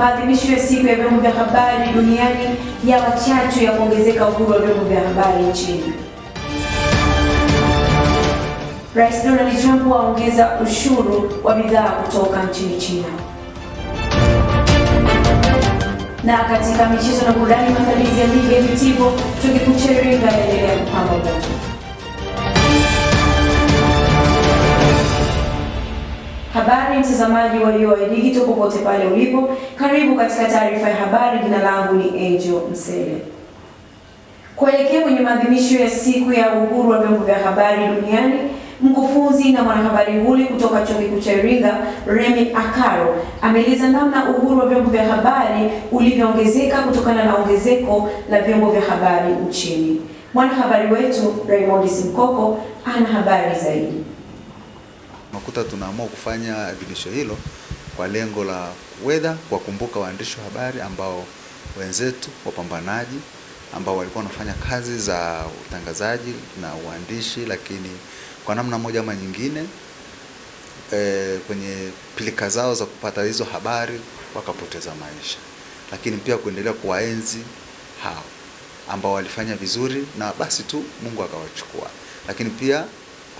maadhimisho ya siku ya vyombo vya habari duniani yawa chachu ya kuongezeka uhuru wa vyombo vya habari nchini. Rais Donald Trump waongeza ushuru wa bidhaa kutoka nchini China. Na katika michezo na burudani, maandalizi ya ligi ya Mitibo chuo kikuu cha Iringa yaendelea kupamba moto. Habari mtazamaji wa UoI Digital popote pale ulipo, karibu katika taarifa ya habari. Jina langu ni Angel Msele. Kuelekea kwenye maadhimisho ya siku ya uhuru wa vyombo vya habari duniani, mkufunzi na mwanahabari huli kutoka chuo kikuu cha Iringa Remi Akaro ameeleza namna uhuru wa vyombo vya habari ulivyoongezeka kutokana na ongezeko la vyombo vya habari nchini. Mwanahabari wetu Raymond Simkoko ana habari zaidi tunakuta tunaamua kufanya adhimisho hilo kwa lengo la wedha kuwakumbuka waandishi wa habari ambao wenzetu wapambanaji ambao walikuwa wanafanya kazi za utangazaji na uandishi, lakini kwa namna moja ama nyingine e, kwenye pilika zao za kupata hizo habari wakapoteza maisha, lakini pia kuendelea kuwaenzi hao ambao walifanya vizuri na basi tu Mungu akawachukua, lakini pia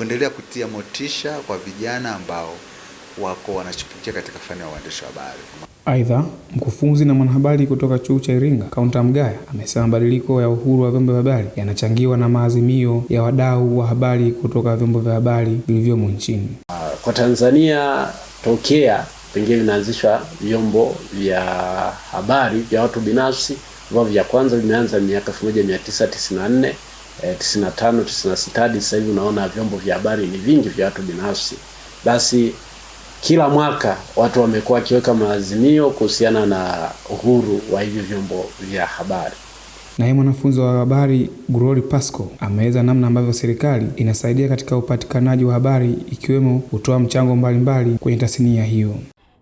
kuendelea kutia motisha kwa vijana ambao wako wanachipukia katika fani ya uandishi wa habari. Aidha, mkufunzi na mwanahabari kutoka chuo cha Iringa kaunta Mgaya amesema mabadiliko ya uhuru wa vyombo vya habari yanachangiwa na maazimio ya wadau wa habari kutoka vyombo vya habari vilivyomo nchini. Ah, kwa Tanzania tokea pengine vinaanzishwa vyombo vya habari vya watu binafsi ambavyo vya kwanza vimeanza miaka 1994 eh, 95 96 hadi sasa hivi unaona vyombo vya habari ni vingi vya watu binafsi. Basi kila mwaka watu wamekuwa wakiweka maazimio kuhusiana na uhuru wa hivyo vyombo vya habari. Naye mwanafunzi wa habari Glory Pasco ameeleza namna ambavyo serikali inasaidia katika upatikanaji wa habari ikiwemo kutoa mchango mbalimbali kwenye tasnia hiyo.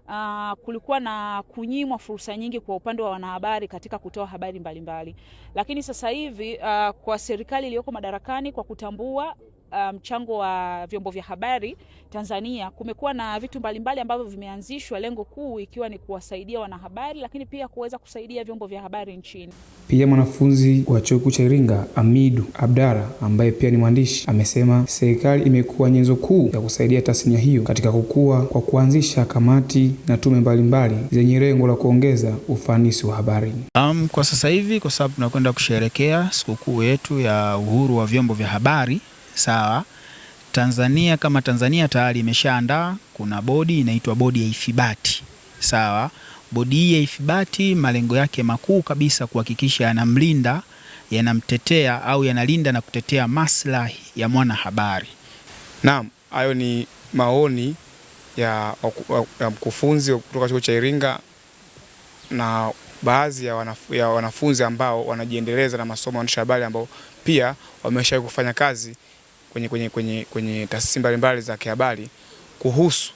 Uh, kulikuwa na kunyimwa fursa nyingi kwa upande wa wanahabari katika kutoa habari mbalimbali mbali. Lakini sasa hivi uh, kwa serikali iliyoko madarakani kwa kutambua Um, mchango um, wa vyombo vya habari Tanzania, kumekuwa na vitu mbalimbali ambavyo vimeanzishwa, lengo kuu ikiwa ni kuwasaidia wanahabari, lakini pia kuweza kusaidia vyombo vya habari nchini. Pia mwanafunzi wa chuo kikuu cha Iringa Amidu Abdara, ambaye pia ni mwandishi, amesema serikali imekuwa nyenzo kuu ya kusaidia tasnia hiyo katika kukua kwa kuanzisha kamati na tume mbalimbali zenye lengo la kuongeza ufanisi wa habari. Um, kwa sasa hivi kwa sababu tunakwenda kusherekea sikukuu yetu ya uhuru wa vyombo vya habari sawa. Tanzania kama Tanzania tayari imeshaandaa, kuna bodi inaitwa bodi ya ithibati sawa. Bodi hii ya ithibati malengo yake makuu kabisa kuhakikisha yanamlinda, yanamtetea au yanalinda na kutetea maslahi ya mwanahabari. Naam, hayo ni maoni ya, ya mkufunzi kutoka chuo cha Iringa na baadhi ya, wanaf ya wanafunzi ambao wanajiendeleza na masomo ya uandishi habari ambao pia wameshawahi kufanya kazi kwenye, kwenye, kwenye, kwenye taasisi mbalimbali za kihabari kuhusu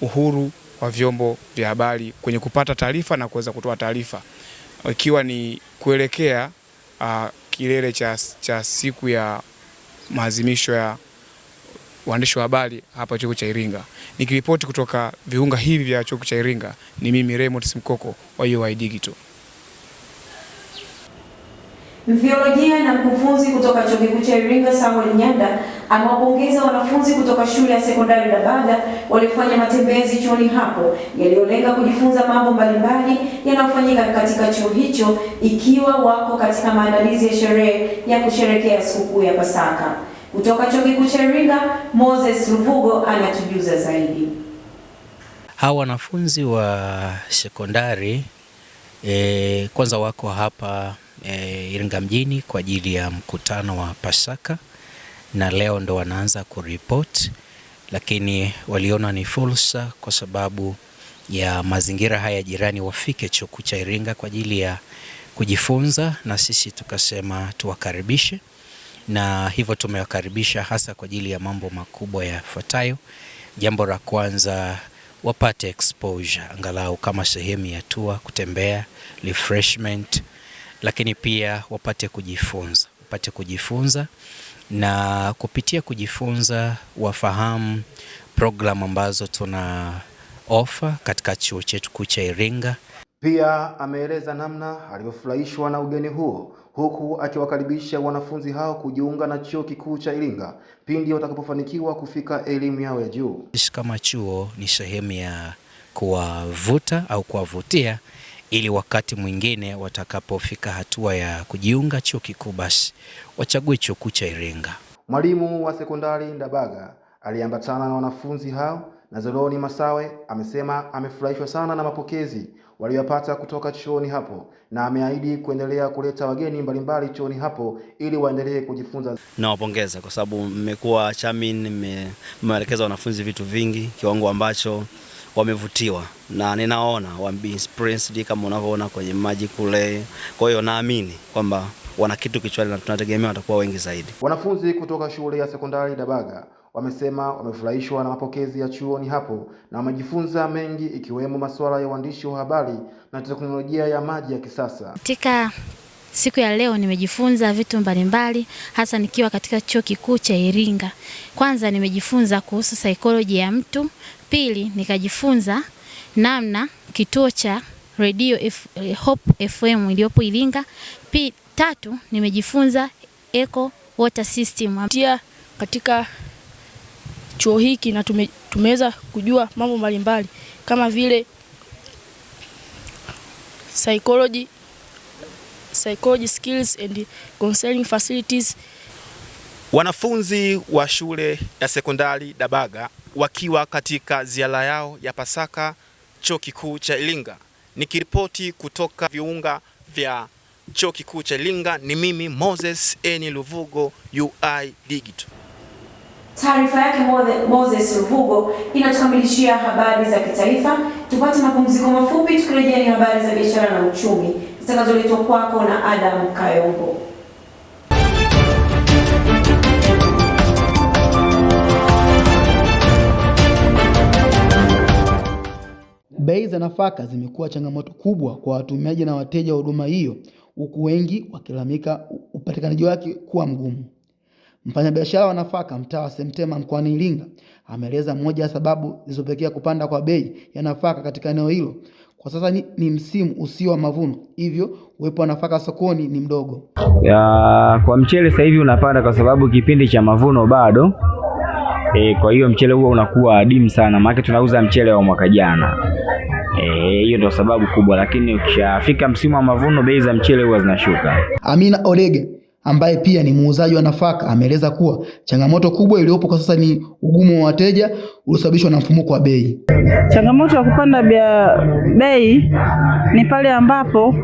uhuru wa vyombo vya habari kwenye kupata taarifa na kuweza kutoa taarifa ikiwa ni kuelekea uh, kilele cha, cha siku ya maadhimisho ya waandishi wa habari hapa chuo cha Iringa. Nikiripoti kutoka viunga hivi vya chuo cha Iringa, ni mimi Raymond Simkoko wa UoI Digital. Mfiolojia na mkufunzi kutoka Chuo Kikuu cha Iringa Samuel Nyanda amewapongeza wanafunzi kutoka shule ya sekondari Labaga waliofanya matembezi chuoni hapo yaliyolenga kujifunza mambo mbalimbali yanayofanyika katika chuo hicho ikiwa wako katika maandalizi ya sherehe ya kusherekea sikukuu ya Pasaka. Kutoka Chuo Kikuu cha Iringa, Moses Luvugo anatujuza zaidi. Hawa wanafunzi wa sekondari eh, kwanza wako hapa e, Iringa mjini kwa ajili ya mkutano wa Pasaka na leo ndo wanaanza kuripot, lakini waliona ni fursa kwa sababu ya mazingira haya jirani, wafike chuo kikuu cha Iringa kwa ajili ya kujifunza, na sisi tukasema tuwakaribishe, na hivyo tumewakaribisha hasa kwa ajili ya mambo makubwa yafuatayo. Jambo la kwanza wapate exposure angalau kama sehemu ya tour, kutembea refreshment, lakini pia wapate kujifunza, wapate kujifunza na kupitia kujifunza wafahamu programu ambazo tuna ofa katika chuo chetu kuu cha Iringa. Pia ameeleza namna alivyofurahishwa na ugeni huo huku akiwakaribisha wanafunzi hao kujiunga na chuo kikuu cha Iringa pindi watakapofanikiwa kufika elimu yao ya juu. Sisi kama chuo ni sehemu ya kuwavuta au kuwavutia ili wakati mwingine watakapofika hatua ya kujiunga chuo kikuu basi wachague chuo kikuu cha Iringa. Mwalimu wa sekondari Ndabaga aliambatana na wanafunzi hao na Zoloni Masawe amesema amefurahishwa sana na mapokezi waliyopata kutoka chuoni hapo na ameahidi kuendelea kuleta wageni mbalimbali chuoni hapo ili waendelee kujifunza. Nawapongeza kwa sababu mmekuwa chamin, mmeelekeza wanafunzi vitu vingi kiwango ambacho wamevutiwa na ninaona wa inspired kama unavyoona kwenye maji kule. Kwa hiyo naamini kwamba wana kitu kichwani na tunategemea watakuwa wengi zaidi. Wanafunzi kutoka shule ya sekondari Dabaga wamesema wamefurahishwa na mapokezi ya chuoni hapo na wamejifunza mengi ikiwemo masuala ya uandishi wa habari na teknolojia ya maji ya kisasa katika Siku ya leo nimejifunza vitu mbalimbali hasa nikiwa katika chuo kikuu cha Iringa. Kwanza nimejifunza kuhusu saikoloji ya mtu, pili nikajifunza namna kituo cha F, Hope FM iliyopo Iringa. Pili, tatu nimejifunza eco water system katika chuo hiki na tume, tumeweza kujua mambo mbalimbali kama vile psychology psychology skills and counseling facilities. Wanafunzi wa shule ya sekondari Dabaga wakiwa katika ziara yao ya Pasaka chuo kikuu cha Iringa. Nikiripoti kutoka viunga vya chuo kikuu cha Iringa ni mimi Moses N Luvugo, UI Digital. Taarifa yake Moses Luvugo inatukamilishia habari za kitaifa. Tupate mapumziko mafupi, tukirejea ni habari za biashara na uchumi zinazoletwa kwako na Adam Kayombo. Bei za nafaka zimekuwa changamoto kubwa kwa watumiaji na wateja wa huduma hiyo, huku wengi wakilalamika upatikanaji wake kuwa mgumu. Mfanyabiashara wa nafaka mtaa wa Semtema mkoani Iringa ameeleza moja ya sababu zilizopelekea kupanda kwa bei ya nafaka katika eneo hilo kwa sasa ni, ni msimu usio wa mavuno, hivyo uwepo wa nafaka sokoni ni mdogo. Ya, kwa mchele sasa hivi unapanda kwa sababu kipindi cha mavuno bado e, kwa hiyo mchele huo unakuwa adimu sana, maana tunauza mchele wa mwaka jana. E, hiyo e, ndio sababu kubwa, lakini ukishafika msimu wa mavuno bei za mchele huwa zinashuka. Amina Olege ambaye pia ni muuzaji wa nafaka ameeleza kuwa changamoto kubwa iliyopo kwa sasa ni ugumu wa wateja uliosababishwa na mfumuko wa bei. Changamoto ya kupanda bei ni pale ambapo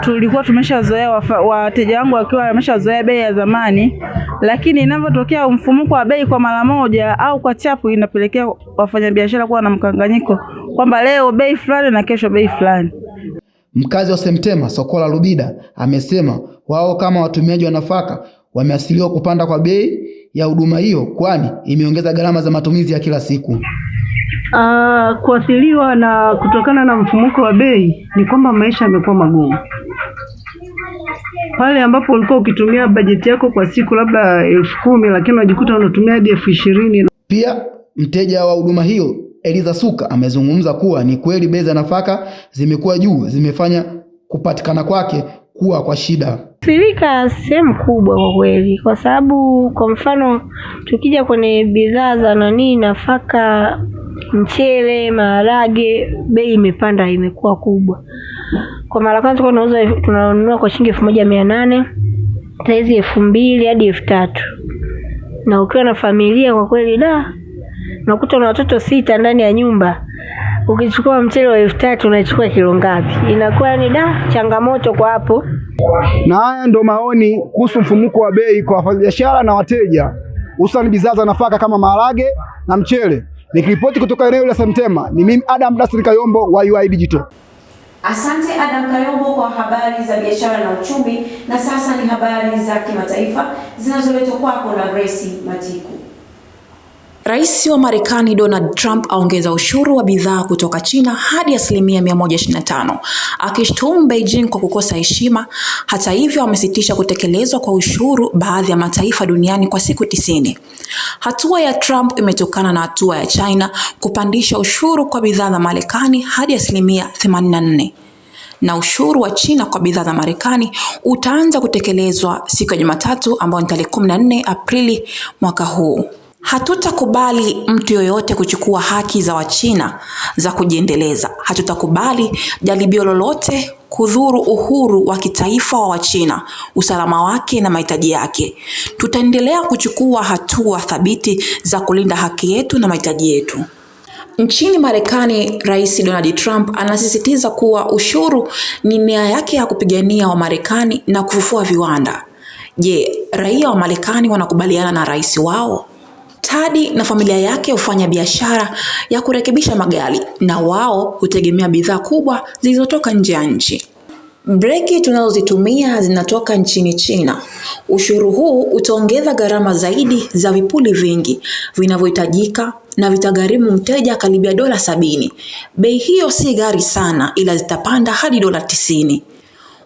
tulikuwa tumeshazoea wateja wangu wakiwa wameshazoea bei ya zamani, lakini inavyotokea mfumuko wa bei kwa mara moja au kwa chapu, inapelekea wafanyabiashara kuwa na mkanganyiko kwamba leo bei fulani na kesho bei fulani. Mkazi wa Semtema Sokola Rubida amesema wao kama watumiaji wa nafaka wameathiriwa kupanda kwa bei ya huduma hiyo, kwani imeongeza gharama za matumizi ya kila siku. Uh, ah, kuathiriwa na kutokana na mfumuko wa bei ni kwamba maisha yamekuwa magumu. Pale ambapo ulikuwa ukitumia bajeti yako kwa siku labda elfu kumi lakini unajikuta unatumia hadi elfu ishirini. Pia mteja wa huduma hiyo Eliza Suka amezungumza kuwa ni kweli bei za nafaka zimekuwa juu, zimefanya kupatikana kwake kuwa kwa shida? Sirika sehemu kubwa kwa kweli, kwa sababu kwa mfano tukija kwenye bidhaa za nanii, nafaka, mchele, maharage, bei imepanda, imekuwa kubwa. Kwa mara kwanza tulikuwa tunauza tunanunua kwa shilingi elfu moja mia nane saizi elfu mbili hadi elfu tatu na ukiwa na familia kwa kweli da, unakuta na watoto sita ndani ya nyumba ukichukua mchele wa elfu tatu unachukua kilo ngapi? Inakuwa ni da changamoto kwa hapo. Na haya ndo maoni kuhusu mfumuko wa bei kwa wafanyabiashara na wateja, hususani bidhaa za nafaka kama maharage na mchele. Nikiripoti kutoka eneo la Samtema, ni mimi Adam Dustin Kayombo wa UoI Digital. Asante Adam Kayombo kwa habari za biashara na uchumi. Na sasa ni habari za kimataifa zinazoletwa kwako na Grace Matiku. Rais wa Marekani Donald Trump aongeza ushuru wa bidhaa kutoka China hadi asilimia 125, akishtumu Beijing kwa kukosa heshima. Hata hivyo, amesitisha kutekelezwa kwa ushuru baadhi ya mataifa duniani kwa siku tisini. Hatua ya Trump imetokana na hatua ya China kupandisha ushuru kwa bidhaa za Marekani hadi asilimia 84 na ushuru wa China kwa bidhaa za Marekani utaanza kutekelezwa siku ya Jumatatu ambayo ni tarehe 14 Aprili mwaka huu. Hatutakubali mtu yoyote kuchukua haki za Wachina za kujiendeleza. Hatutakubali jaribio lolote kudhuru uhuru wa kitaifa wa Wachina, usalama wake na mahitaji yake. Tutaendelea kuchukua hatua thabiti za kulinda haki yetu na mahitaji yetu. Nchini Marekani, Rais Donald Trump anasisitiza kuwa ushuru ni nia yake ya kupigania Wamarekani na kufufua viwanda. Je, raia wa Marekani wanakubaliana na rais wao? Tadi na familia yake hufanya biashara ya kurekebisha magari na wao hutegemea bidhaa kubwa zilizotoka nje ya nchi. Breki tunazozitumia zinatoka nchini China. Ushuru huu utaongeza gharama zaidi za vipuli vingi vinavyohitajika na vitagharimu mteja karibia dola sabini. Bei hiyo si ghali sana, ila zitapanda hadi dola tisini.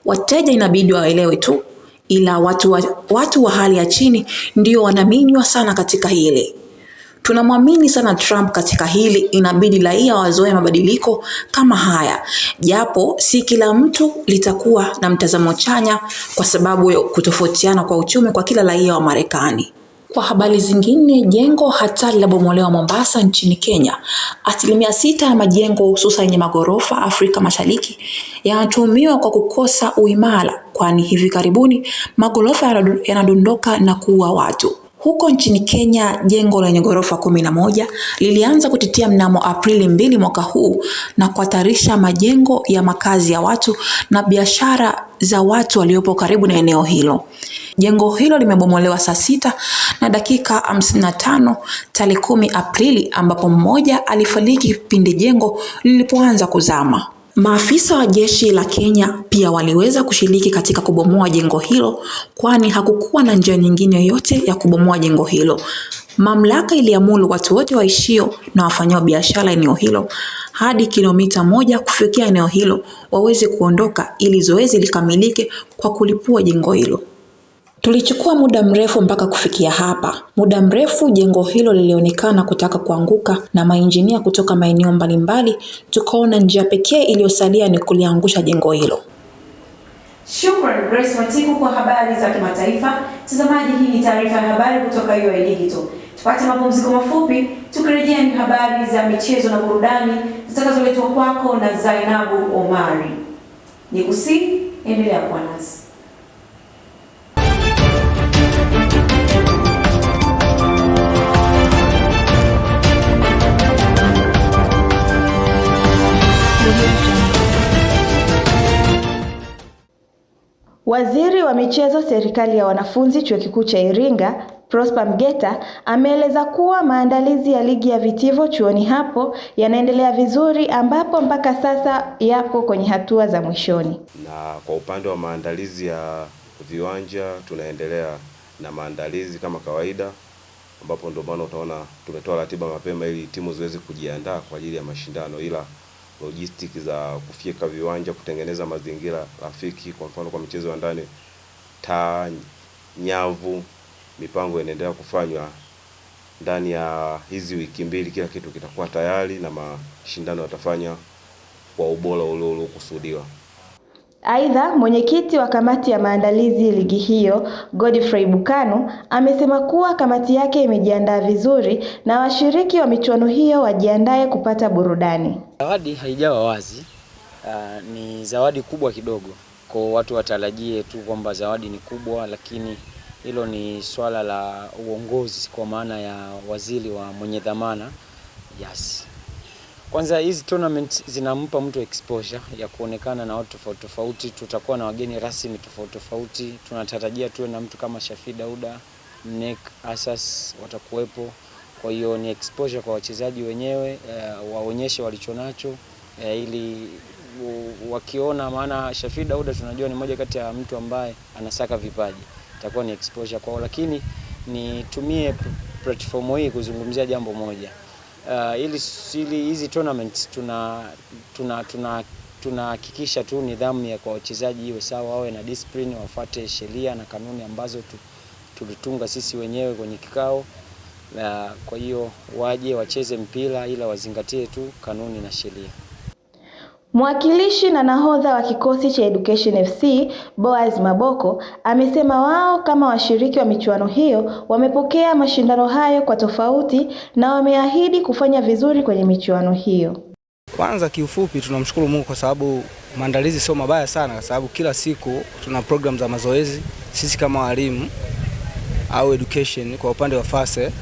Wateja inabidi waelewe tu ila watu wa, watu wa hali ya chini ndio wanaminywa sana katika hili. Tunamwamini sana Trump katika hili, inabidi raia wazoe mabadiliko kama haya, japo si kila mtu litakuwa na mtazamo chanya kwa sababu ya kutofautiana kwa uchumi kwa kila raia wa Marekani. Kwa habari zingine, jengo hatari la bomolewa Mombasa nchini Kenya. Asilimia sita ya majengo hususan yenye maghorofa Afrika Mashariki yanatumiwa kwa kukosa uimara, kwani hivi karibuni maghorofa yanadondoka na kuua watu. Huko nchini Kenya, jengo lenye ghorofa kumi na moja lilianza kutitia mnamo Aprili mbili mwaka huu na kuhatarisha majengo ya makazi ya watu na biashara za watu waliopo karibu na eneo hilo. Jengo hilo limebomolewa saa sita na dakika hamsini na tano tarehe kumi Aprili ambapo mmoja alifariki pindi jengo lilipoanza kuzama. Maafisa wa jeshi la Kenya pia waliweza kushiriki katika kubomoa jengo hilo kwani hakukuwa na njia nyingine yoyote ya kubomoa jengo hilo. Mamlaka iliamuru watu wote waishio na wafanyao biashara eneo hilo hadi kilomita moja kufikia eneo hilo waweze kuondoka ili zoezi likamilike kwa kulipua jengo hilo. Tulichukua muda mrefu mpaka kufikia hapa. Muda mrefu jengo hilo lilionekana kutaka kuanguka, na mainjinia kutoka maeneo mbalimbali, tukaona njia pekee iliyosalia ni kuliangusha jengo hilo. Shukrani Grace Matiku kwa habari za kimataifa. Mtazamaji, hii ni taarifa ya habari kutoka UoI Digital. Tupate mapumziko mafupi, tukirejea ni habari za michezo na burudani zitakazoletwa kwako na Zainabu Omari. Nikusi, endelea kuwa nasi. Waziri wa michezo serikali ya wanafunzi chuo kikuu cha Iringa Prosper Mgeta ameeleza kuwa maandalizi ya ligi ya vitivo chuoni hapo yanaendelea vizuri ambapo mpaka sasa yapo kwenye hatua za mwishoni. Na kwa upande wa maandalizi ya viwanja tunaendelea na maandalizi kama kawaida, ambapo ndio maana utaona tumetoa ratiba mapema ili timu ziweze kujiandaa kwa ajili ya mashindano ila logistic za kufyeka viwanja, kutengeneza mazingira rafiki, kwa mfano kwa michezo ya ndani, taa, nyavu. Mipango inaendelea kufanywa ndani ya hizi wiki mbili, kila kitu kitakuwa tayari na mashindano yatafanya kwa ubora ule uliokusudiwa. Aidha, mwenyekiti wa kamati ya maandalizi ligi hiyo Godfrey Bukanu amesema kuwa kamati yake imejiandaa vizuri na washiriki wa michuano hiyo wajiandae kupata burudani. Zawadi haijawa wazi, uh, ni zawadi kubwa kidogo kwa watu watarajie tu kwamba zawadi ni kubwa, lakini hilo ni swala la uongozi kwa maana ya waziri wa mwenye dhamana. Yes. Kwanza hizi tournament zinampa mtu exposure ya kuonekana na watu tofauti tofauti. Tutakuwa na wageni rasmi tofauti tofauti, tunatarajia tuwe na mtu kama Shafi Dauda, Mnek Asas watakuwepo. Kwa hiyo ni exposure kwa wachezaji wenyewe uh, waonyeshe walichonacho uh, eh, ili wakiona, maana Shafi Dauda tunajua ni moja kati ya mtu ambaye anasaka vipaji, itakuwa ni exposure kwao, lakini nitumie platform hii kuzungumzia jambo moja uh, ili ili hizi tournaments tuna tuna tuna tunahakikisha tu nidhamu ya kwa wachezaji iwe sawa, wawe na discipline, wafuate sheria na kanuni ambazo tu, tulitunga sisi wenyewe kwenye kikao na kwa hiyo waje wacheze mpira ila wazingatie tu kanuni na sheria. Mwakilishi na nahodha wa kikosi cha Education FC Boaz Maboko amesema wao kama washiriki wa michuano hiyo wamepokea mashindano hayo kwa tofauti na wameahidi kufanya vizuri kwenye michuano hiyo. Kwanza kiufupi, tunamshukuru Mungu kwa sababu maandalizi sio mabaya sana, kwa sababu kila siku tuna program za mazoezi. Sisi kama walimu au education kwa upande wa FASE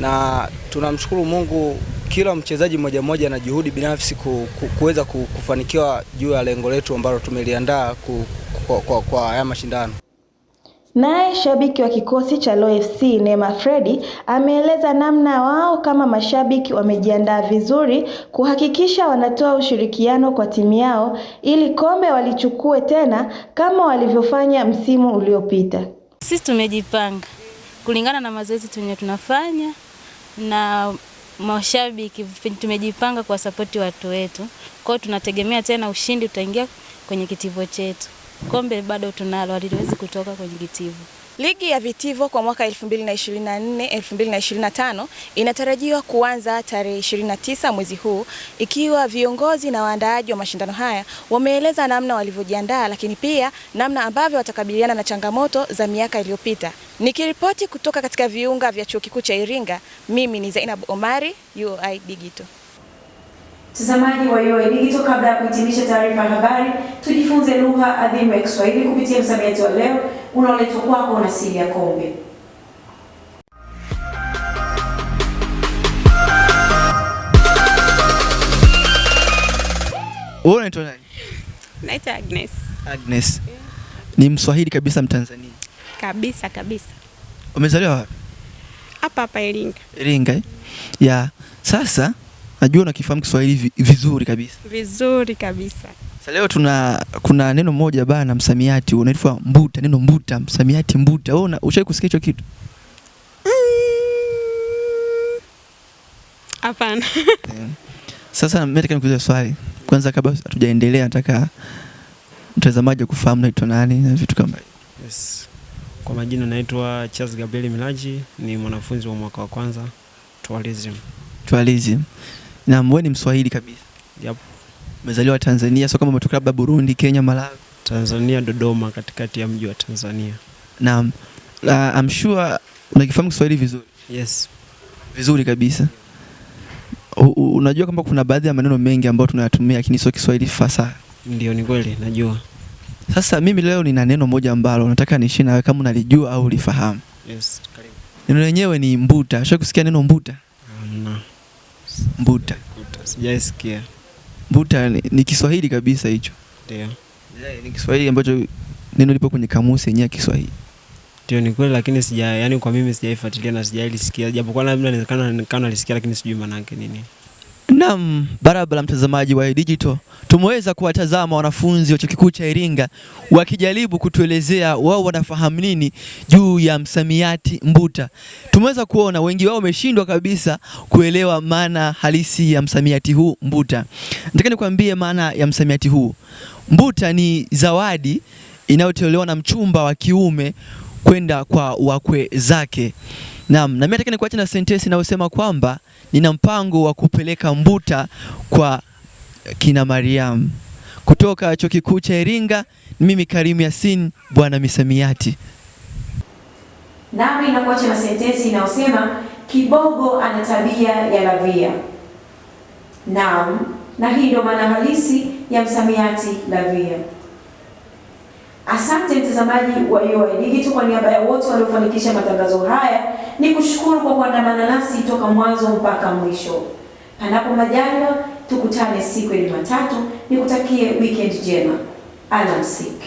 na tunamshukuru Mungu, kila mchezaji mmoja mmoja na juhudi binafsi ku, ku, kuweza kufanikiwa juu ya lengo letu ambalo tumeliandaa kwa haya mashindano. Naye shabiki wa kikosi cha Lo FC Neema Fredi ameeleza namna wao kama mashabiki wamejiandaa vizuri kuhakikisha wanatoa ushirikiano kwa timu yao ili kombe walichukue tena kama walivyofanya msimu uliopita. Sisi tumejipanga kulingana na mazoezi tunye tunafanya na mashabiki tumejipanga kuwasapoti watu wetu. Kwa hiyo tunategemea tena ushindi utaingia kwenye kitivo chetu. Kombe bado tunalo, haliwezi kutoka kwenye kitivo. Ligi ya Vitivo kwa mwaka 2024 2025 inatarajiwa kuanza tarehe 29 mwezi huu, ikiwa viongozi na waandaaji wa mashindano haya wameeleza namna walivyojiandaa, lakini pia namna ambavyo watakabiliana na changamoto za miaka iliyopita. Nikiripoti kutoka katika viunga vya Chuo Kikuu cha Iringa, mimi ni Zainab Omari, UoI Digital. Mtazamaji wa UoI Digital, kabla ya kuhitimisha taarifa ya habari, tujifunze lugha adhimu ya Kiswahili kupitia msamiati wa leo unaoletwa kwako na Silvia Kombe. Wewe unaitwa nani? Naitwa Agnes. Agnes. Ni Mswahili kabisa Mtanzania. Kabisa kabisa. Umezaliwa wapi? Hapa hapa Iringa. Iringa. Eh? Ya. Sasa najua unakifahamu Kiswahili vizuri kabisa. Vizuri kabisa. Sasa leo tuna kuna neno moja bana msamiati unaitwa mbuta, neno mbuta, msamiati mbuta. Wewe ushawahi kusikia hicho kitu? Mm. Hapana. Eh. Sasa mimi nataka nikuulize swali. Kwanza kabla hatujaendelea nataka mtazamaji kufahamu naitwa nani na vitu kama hivyo. Yes. Kwa majina naitwa Charles Gabriel Milaji, ni mwanafunzi wa mwaka wa kwanza tualism. Tualism. Na wewe ni Mswahili kabisa? Yep mezaliwa Tanzania, so kama umetoka labda Burundi, Kenya, Malawi? Tanzania, Dodoma, katikati ya mji wa Tanzania. Naam. Uh, I'm sure unakifahamu Kiswahili vizuri? Yes. Vizuri kabisa. U, unajua kwamba kuna baadhi ya maneno mengi ambayo tunayatumia lakini sio Kiswahili fasaha. Ndio, ni kweli, najua. Sasa mimi leo nina neno moja ambalo nataka niishi nawe kama unalijua au ulifahamu. Yes, karibu. Neno lenyewe ni mbuta. kusikia neno mbuta? Mbuta. Sijaisikia. Mbuta ni Kiswahili kabisa hicho. Ndio. Ni Kiswahili ambacho neno lipo kwenye kamusi yenyewe ya Kiswahili. Ndio, ni kweli, lakini sija, yani kwa mimi sijaifuatilia na sijailisikia, japokuwa labda inawezekana nilisikia, lakini sijui maana yake nini. Naam, barabara mtazamaji wa digital, tumeweza kuwatazama wanafunzi wa chuo kikuu cha Iringa wakijaribu kutuelezea wao wanafahamu nini juu ya msamiati mbuta. Tumeweza kuona wengi wao wameshindwa kabisa kuelewa maana halisi ya msamiati huu mbuta. Nataka nikwambie maana ya msamiati huu mbuta. Ni zawadi inayotolewa na mchumba wa kiume kwenda kwa wakwe zake. Naam, na mimi nataka nikuache na sentensi inayosema kwamba nina mpango wa kupeleka mbuta kwa kina Mariam. Kutoka Chuo Kikuu cha Iringa, mimi Karimu Yasin bwana misamiati. Nami nakuacha na sentensi inayosema kibogo ana tabia ya lavia. Naam, na hii ndio maana halisi ya msamiati lavia. Asante mtazamaji wa UoI Digital, kwa niaba ya wote waliofanikisha matangazo haya, ni kushukuru kwa kuandamana nasi toka mwanzo mpaka mwisho. Panapo majaliwa, tukutane siku ya Jumatatu. Nikutakie weekend njema, alamsiki.